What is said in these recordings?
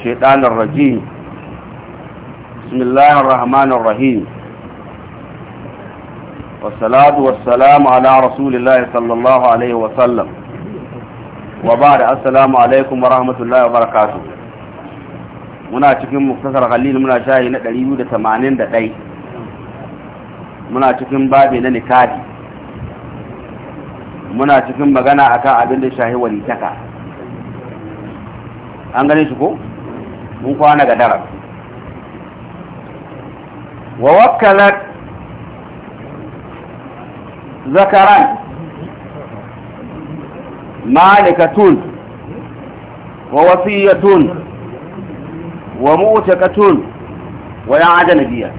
الشيطان الرجيم بسم الله الرحمن الرحيم والصلاة والسلام على رسول الله صلى الله عليه وسلم وبعد السلام عليكم ورحمة الله وبركاته muna cikin muktasar halil muna shayi na 281 muna cikin babi na nikadi muna cikin magana akan abin da shahi walitaka an gane shi ko mun kwana ga dara wa wakkalat zakaran malikatun wa wasiyatun wa mu'takatun wa ya'adanabiya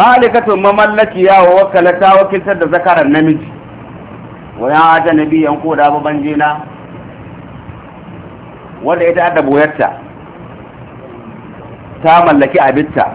malikatun mamallakiya wa ta wakiltar da zakaran namiji wa ya'adanabiyan ko da babban jina wanda ita da boyarta ta mallaki abinta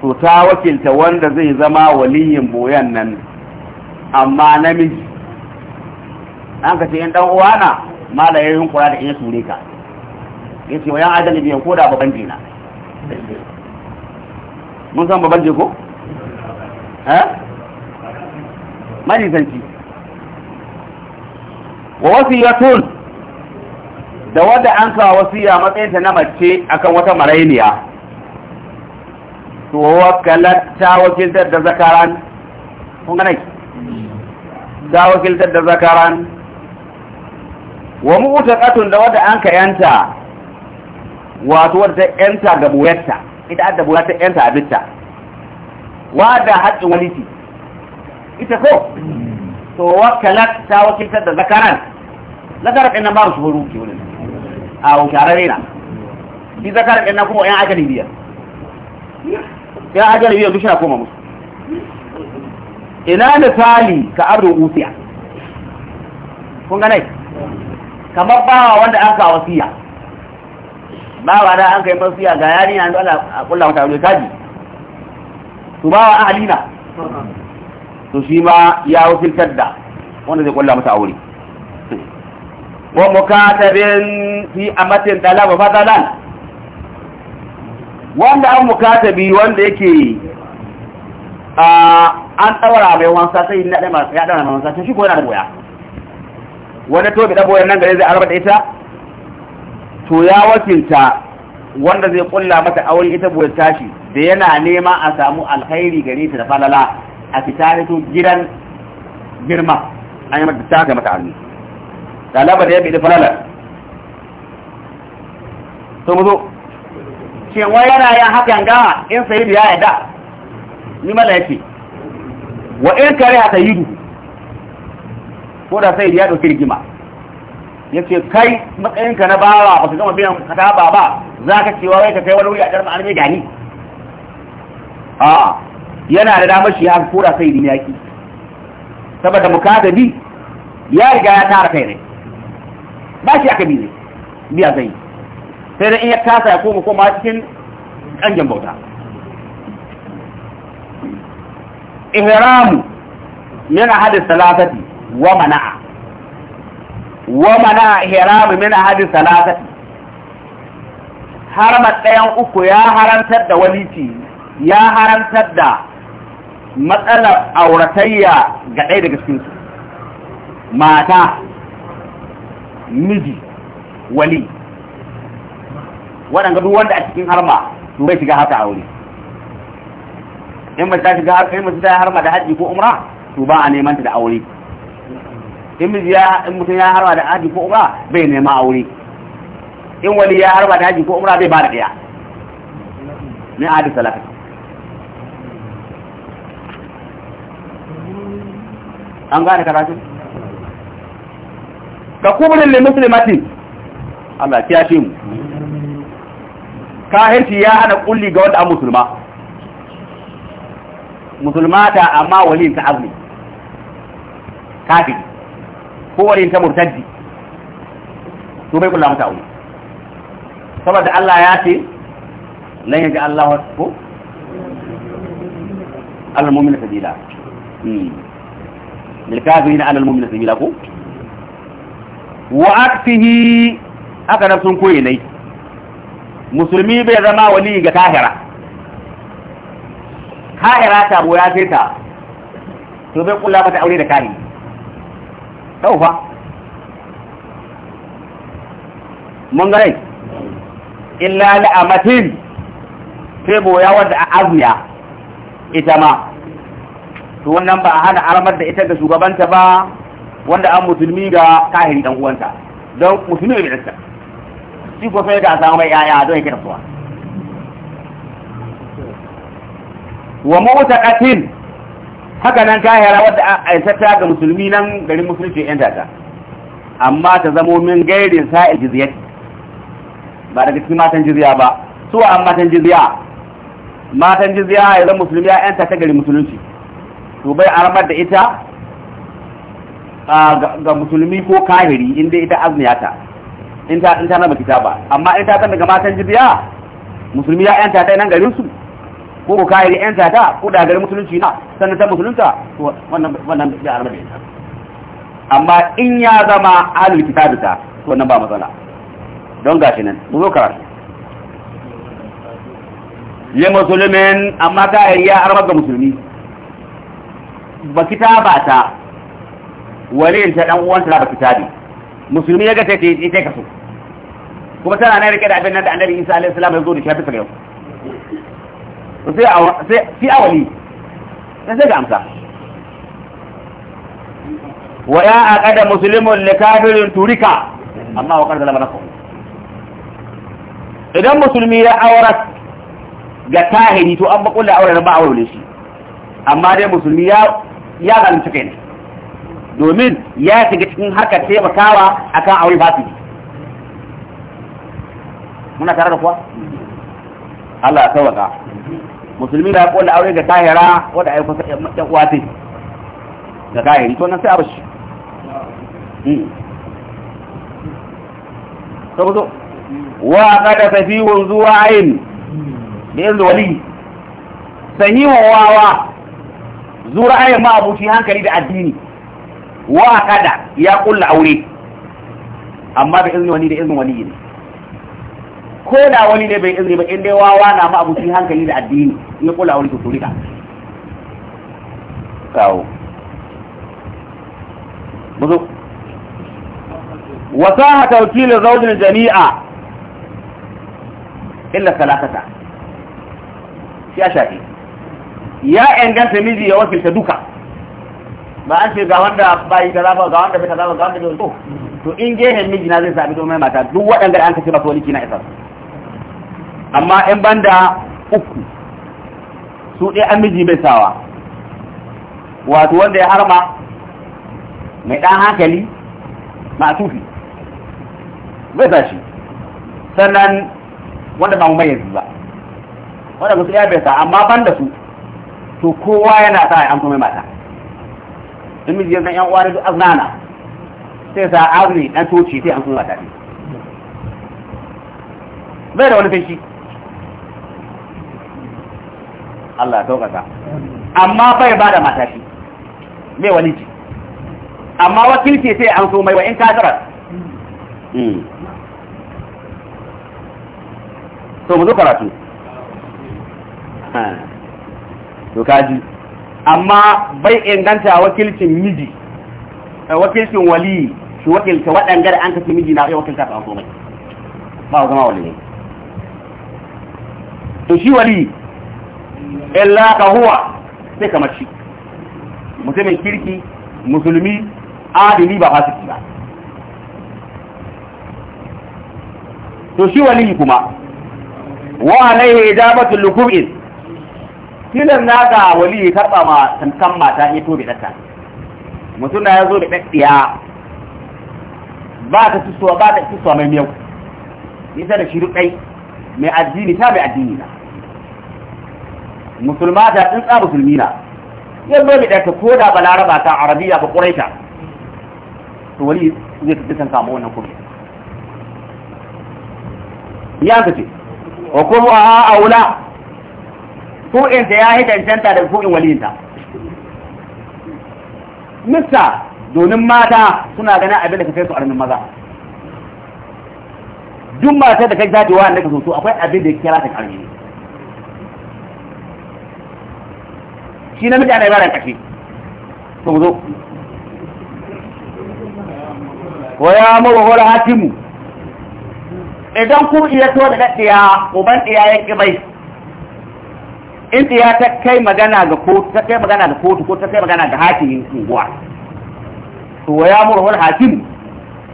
to ta wakilta wanda zai zama waliyin boyan nan amma namiji an ka ce yan dan uwana mala yayin kura da in sure ka yace wayan adali biyan koda baban dina mun san baban je ko eh mani zanci wa wasiyatun da wadda an kawo wasiya matsayinta na mace akan wata marainiya to wakalar ta wakiltar da zakaran kun gane ta wakiltar da zakaran wa mu'taqatun da wadda an ka yanta wato wadda yanta ga buyarta ita adda buyarta yanta abitta wadda haƙƙin waliti ita ko to wakalar ta wakiltar da zakaran zakaran ɗin nan ba su huru ke a shahararre na shi zakar ɗin na kuma yan ajali biyar yan ajali biyar duk shi na koma musu ina misali ka abdu usiya kun ganai kamar bawa wanda an kawo siya bawa da an kai masa siya ga yari na dole a kulla mata wani kaji su bawa ahalina to shi ma ya wakiltar da wanda zai kulla mata aure wa mukatabin fi amatin talaba fadalan wanda an mukatabi wanda yake an tsawara mai wansa sai na da ya ɗana mai wansa shi ko yana da boya wanda to da boyan nan gare zai arba da ita to ya wakilta wanda zai kulla mata aure ita boyar tashi da yana nema a samu alkhairi gare ta da falala a fita gidan girma an yi mata ta ga mata aure Da alama da ya bi da falala to mu zo shin wai yana yin hakan yanga in sayyidu ya da. ni mala yake wa in kare ha sayyidu ko da sayyidu ya dauki rigima yace kai matsayinka na bawa ba ka gama biyan kata ba ba za ka cewa wai ka kai wani wuri a jarma an mai gani a yana da damar shi haka ko da sayyidu ya ki saboda mukadabi ya riga ya tara kai ne ba shi aka bi biya zai sai dai in ya kasa ya koma koma cikin ƙangin bauta ihramu min hadis salatati wa mana'a wa mana'a ihramu min hadis salatati harama ɗayan uku ya harantar da walici ya harantar da matsalar auratayya ga ɗaya daga cikinsu mata miji wali waɗanda duk wanda a cikin harma su bai shiga haka aure in mace ta shiga in ta harma da haji ko umra to ba a neman ta da aure in miji ya in mutum ya harma da haji ko umra bai nema aure in wali ya harma da haji ko umra bai ba da daya ne adi salaka an gane karatu ka kuburin lil muslimati Allah ya shi mu kahirci ya hana kulli ga wanda musulma musulmata amma walin ta azmi kafiri ko walin ta murtaddi to bai kula mutawuni saboda Allah ya ce lan yaji Allah ko al-mu'min sabila hmm. lil kafirin ala al-mu'min sabila ko wa aktihi haka nan sun koyi nai musulmi bai zama wali ga kahira kahira ta boya sai ta to bai kula mata aure da kahiri tau fa mun ga rai illa la'amatin sai boya wanda a azmiya ita ma to wannan ba a hana armar da ita ga shugabanta ba wanda an musulmi ga kahiri dan uwanta don musulmi ne bisa shi ko sai ga samu mai yaya don yake tafiya wa mu'taqatin haka nan kahira wadda aisata ga musulmi nan garin musulunci yan tata amma ta zamo min gairin sa'il jizyati ba daga cikin matan jizya ba su an matan jizya matan jizya ya zama musulmi ya 'yanta ta garin musulunci to bai aramar da ita ga musulmi ko kahiri inda ita azniyata in ta in ta nama kitaba amma in ta san daga matan jibiya musulmi ya yanta ta nan garinsu? ko ko kahiri yanta ta ko da garin musulunci na sannan ta musulunta wannan ya da arma da amma in ya zama ahlul kitabi ta to wannan ba matsala don gashi nan mu zo karatu Ya musulmin amma kahiri ya arma ga musulmi ba kitaba ta walin ta dan uwanta na ba kitabi musulmi ya ga ta ce ita kaso kuma tana nan rike da abin nan da annabi Isa alaihi salam ya zo da shafi sa yau sai sai fi awali sai ga amsa wa ya aqada muslimun li kafirin turika amma wa qad zalama nakum idan musulmi ya aurat ga tahiri to an ba kullu auren ba aure shi amma dai musulmi ya ya zalunci kai ne domin ya shiga cikin harkar taimakawa akan aure ji. muna tare da kuwa Allah ya sauwaka musulmi da ya kola aure ga tahira wadda ya kusa yan uwa ga tahiri to nan sai abu shi hmm. to zo wa qad tafiyun zuwa'in bi yanzu wali wa wawa ayin ma abuci hankali da addini wa kada ya kulla aure amma da izinin wani da izinin wani ne ko da wani ne bai izini ba in dai wawa na ma cikin hankali da addini ya kulla aure to turika kawo buzo wasaha tawkil al jami'a illa talakata ya shafi ya inganta miji ya wakilta duka ba an ce ga wanda bai ta zafa ga wanda bai kaza ga wanda bai to in gehen miji na zai sami domin mata duk waɗanda an kashe masu ko liki na isa amma in banda uku su ɗaya an miji bai sawa wato wanda ya harma mai ɗan hankali tufi bai sa shi sannan wanda ba mu yanzu ba wanda musu ya bai sa amma banda su to kowa yana sa ya an kuma mata in miji yanzu yan uwa duk aznana sai sa azumi dan toci sai an kuma tafi bai da wani fashi Allah taukaka amma bai ba da matashi bai wani ci amma wakilci sai an so mai wa in kafirar to hmm. mu zo karatu to kaji amma bai inganta wakilcin miji eh, wakilcin wali shi wakilta waɗanda da an kace miji na wakilta ta komai ba zama wali ne to shi wali illa ka huwa sai kamar shi mutumin kirki musulmi adini ba fasiki ba to shi wali kuma wa alaihi ijabatul kub'in tilan na ga wali ya karɓa ma tantan mata ya tobe ɗata mutum na ya zo da ɗaɗɗiya ba ta tusuwa ba ta tusuwa mai miyau nisa da shi rukai mai addini ta mai addini na musulma ta tsintsa musulmi na ya zo da ɗata ko da ba laraba ta arabiya ba ƙuraita to wali zai tafi san samu wannan kuma ya ka ce wa kuma a aula su'in ta ya cancanta da su'in walinta mista domin mata suna ganin abin da ka kai su armin maza duk mata da kai zaɗi da ka soso akwai abin da ya kira ta ƙarfi shi na mutane ba da ƙashi to zo ko ya mawa hola hatimu idan ku iya so da ɗaɗɗiya uban ɗiya ya ƙi bai in ya ta kai magana ga kotu ta kai magana da kotu ko ta kai magana ga hakimin unguwa to ya murhul hakim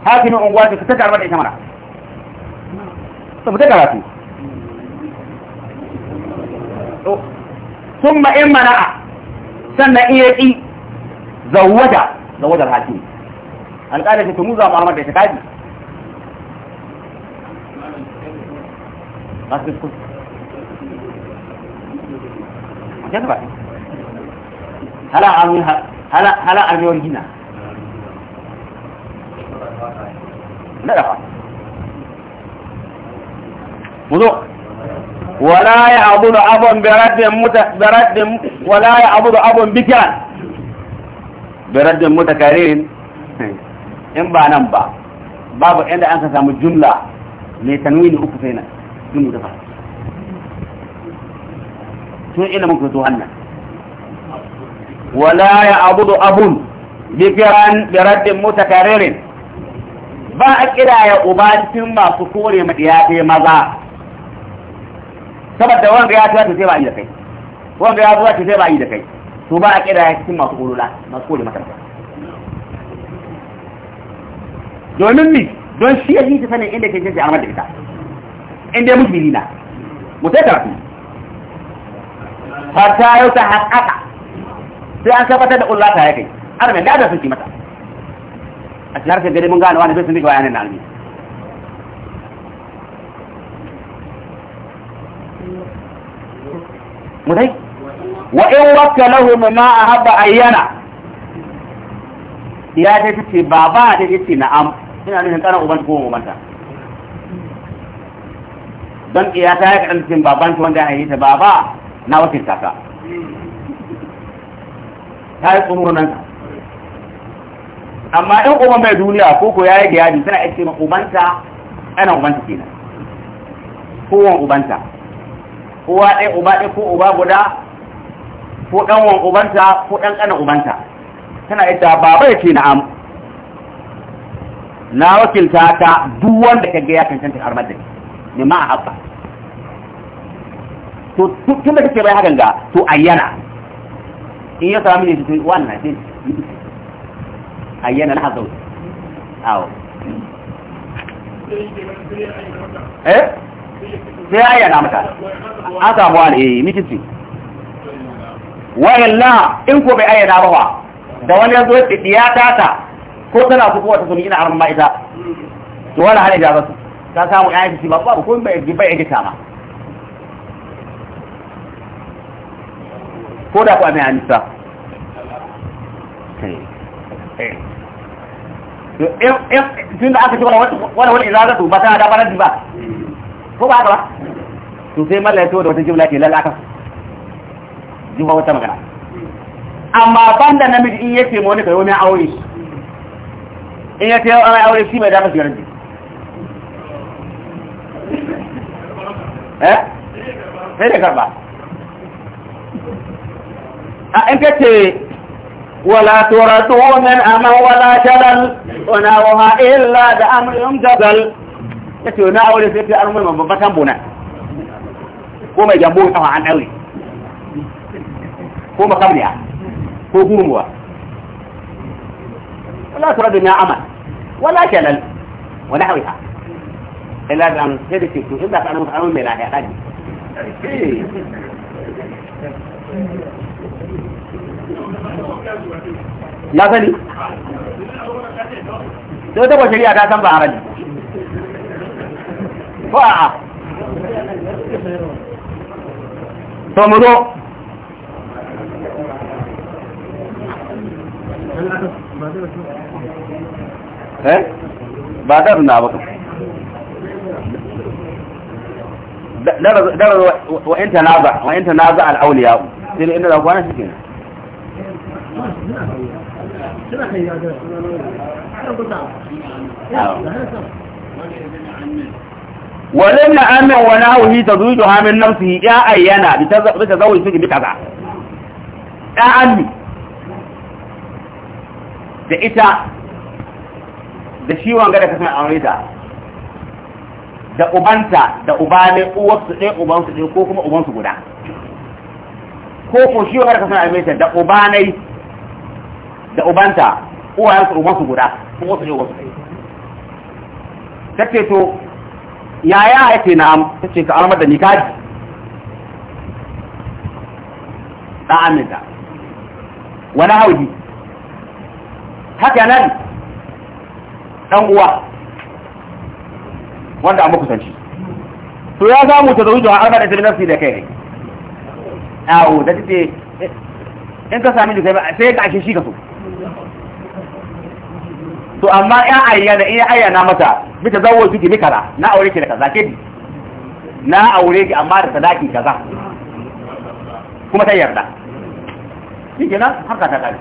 hakimin unguwa ta ta karbar da ita mara saboda karatu to kuma in mana sannan iya ki zawada zawada hakim alƙalin ta tumu za mu amar da ita kaji ba su jadwa hala amin hala hala gina na dafa muzo ولا يعبد wala ya abudu برد ولا يعبد in ba nan ba babu inda an ka samu jumla mai tanwini uku sai to ina ku to hannan wala ya abudu abun bi kiran bi raddin mutakarririn ba a kiraya uba cikin masu kore ma diya maza saboda wanda ya tuwa ta sai ba yi da kai wanda ya zuwa ta sai ba yi da kai to ba a kiraya cikin masu korula masu kore mata domin mi don shi ya yi ta sanin inda ke jinsi a da ita inda ya mutu na mu sai karatu hatta yau ta haƙaƙa sai an tabbatar da ƙulla ta ya kai arme da da sun ki mata a shi harkar gari mun gane wani bai sun rike bayanin na almi mutai wa in wakkalahu a ahabba ayyana ya ta ce baba da yace na'am ina nufin kana uban ko umanta don iya ta ya kadan cikin baban ta wanda ya yi ta baba na wakilta ka ta yi nan ta, amma in uban bai duniya ko ko ya yi ga suna tana na ubanta ana ubanta kenan kowan ubanta kowa ɗaya uba ɗaya ko uba guda ko ɗan wani ubanta ko ɗan ƙanan ubanta tana ita babar ya na na'am na wakilta ta duwanda ka ga ya cancanta armar da ni ma a haɓɓa to tun da kake bai hakan ga to ayyana in ya sami ne wani na ce ayyana na hazau awo eh sai ayyana mata an samu wani eh mitinci wayan la in ko bai ayyana ba da wani yanzu ya tata ko tana kuka wata sun ina arma ita to wani hana jazasu ta samu ya yi ba babu ko bai yi gita ma ko da kuwa mai hannusa eh. eh, eh, tun da aka ci wani wani izazatu ba tana da ba ko ba haka ba su sai mallaya to da wata jimla ke lalaka jima wata magana amma ban da namiji in yake mu wani kai wani aure in yake yau ana aure shi mai dafa shigar ji eh sai da karba أنكتي ولا ترثوا من أما ولا شلل ونعوها إلا بأمرهم جبل كتي ونعو لفتي أرمي من بطن بنا كوما يجبون أما عن أولي كوما قبلها كوكوموا ولا ترثوا من أما ولا شلل ونعوها إلا بأن تبكي إلا بأن تبكي إلا بأن تبكي إلا بأن تبكي ya sani sai ta shari'a ta san ba harami ko a'a to mu zo eh ba da na ba dara wa in tanaza wa in tanaza al awliya inda da kwana shi kenan suna kai ya gara suna kusa ولن أمن ونهوه تزوجها من نفسه يا أيانا بتزوج فيك بكذا يا أمي da ita da shi gada da kasan aure da ubanta da uba ne uwarsu ɗaya ubansu ɗaya ko kuma ubansu guda ko ko shi wanga da kasan aure da ubanai. ubanta uwayensu ubansu guda kuma wasu ne wasu ta ce to yaya ya ce na ta ce ka almar da nikaji ɗan aminta wani hauji haka nan ɗan uwa wanda an makusanci to ya zamu ta zauji a almar da ta minarsi da kai ne awo da ta ce eh, in ka sami da ba sai ka ake shi ka so to amma ya ayyana in ya ayyana mata bi zawo ki ni na aure ki da kaza ke na aure ki amma da sadaki kaza kuma ta yarda shi kenan haka ta kare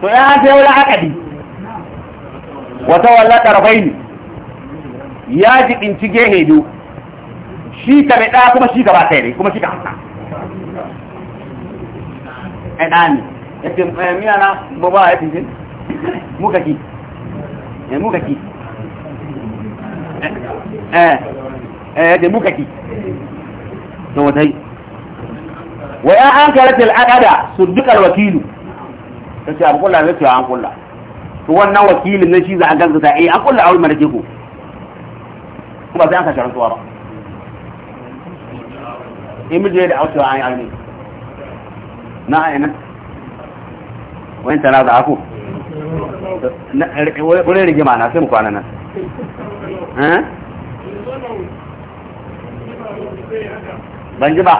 to ya ta wala akadi wata walla tarbaini ya ji ci gehe do. shi ka da ɗaya kuma shi gaba kai ne kuma shi ka hanta ɗaya dani yace eh, miya ya muka ki eh muka ki eh, eh eh yace muka ki to dai wa ya an karat al su sudduq al wakil tace an kullu ne to an wannan wakilin shi za a eh an ku. ba sai an ba da wani tana za a ku wurin rigima na sai mu kwana nan eh? ban ji ba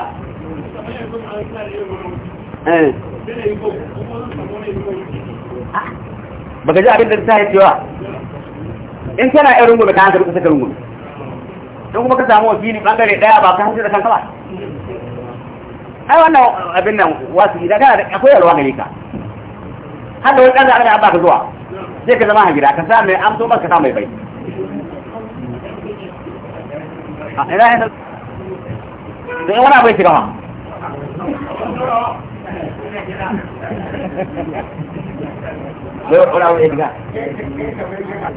eh. ba baka ji abin da ta yi cewa in kana yan rungume ka hankali kusa ka rungume don kuma ka samu wasu yini bangare daya ba ka hankali da kanka ba ai wannan abin nan wasu idan kana da akwai yalwa gare ka har da wani ƙasa ana ba ka zuwa zai ka zama a ka sa mai amso ba ka sa mai bai sai wani abai shiga ma wani abai shiga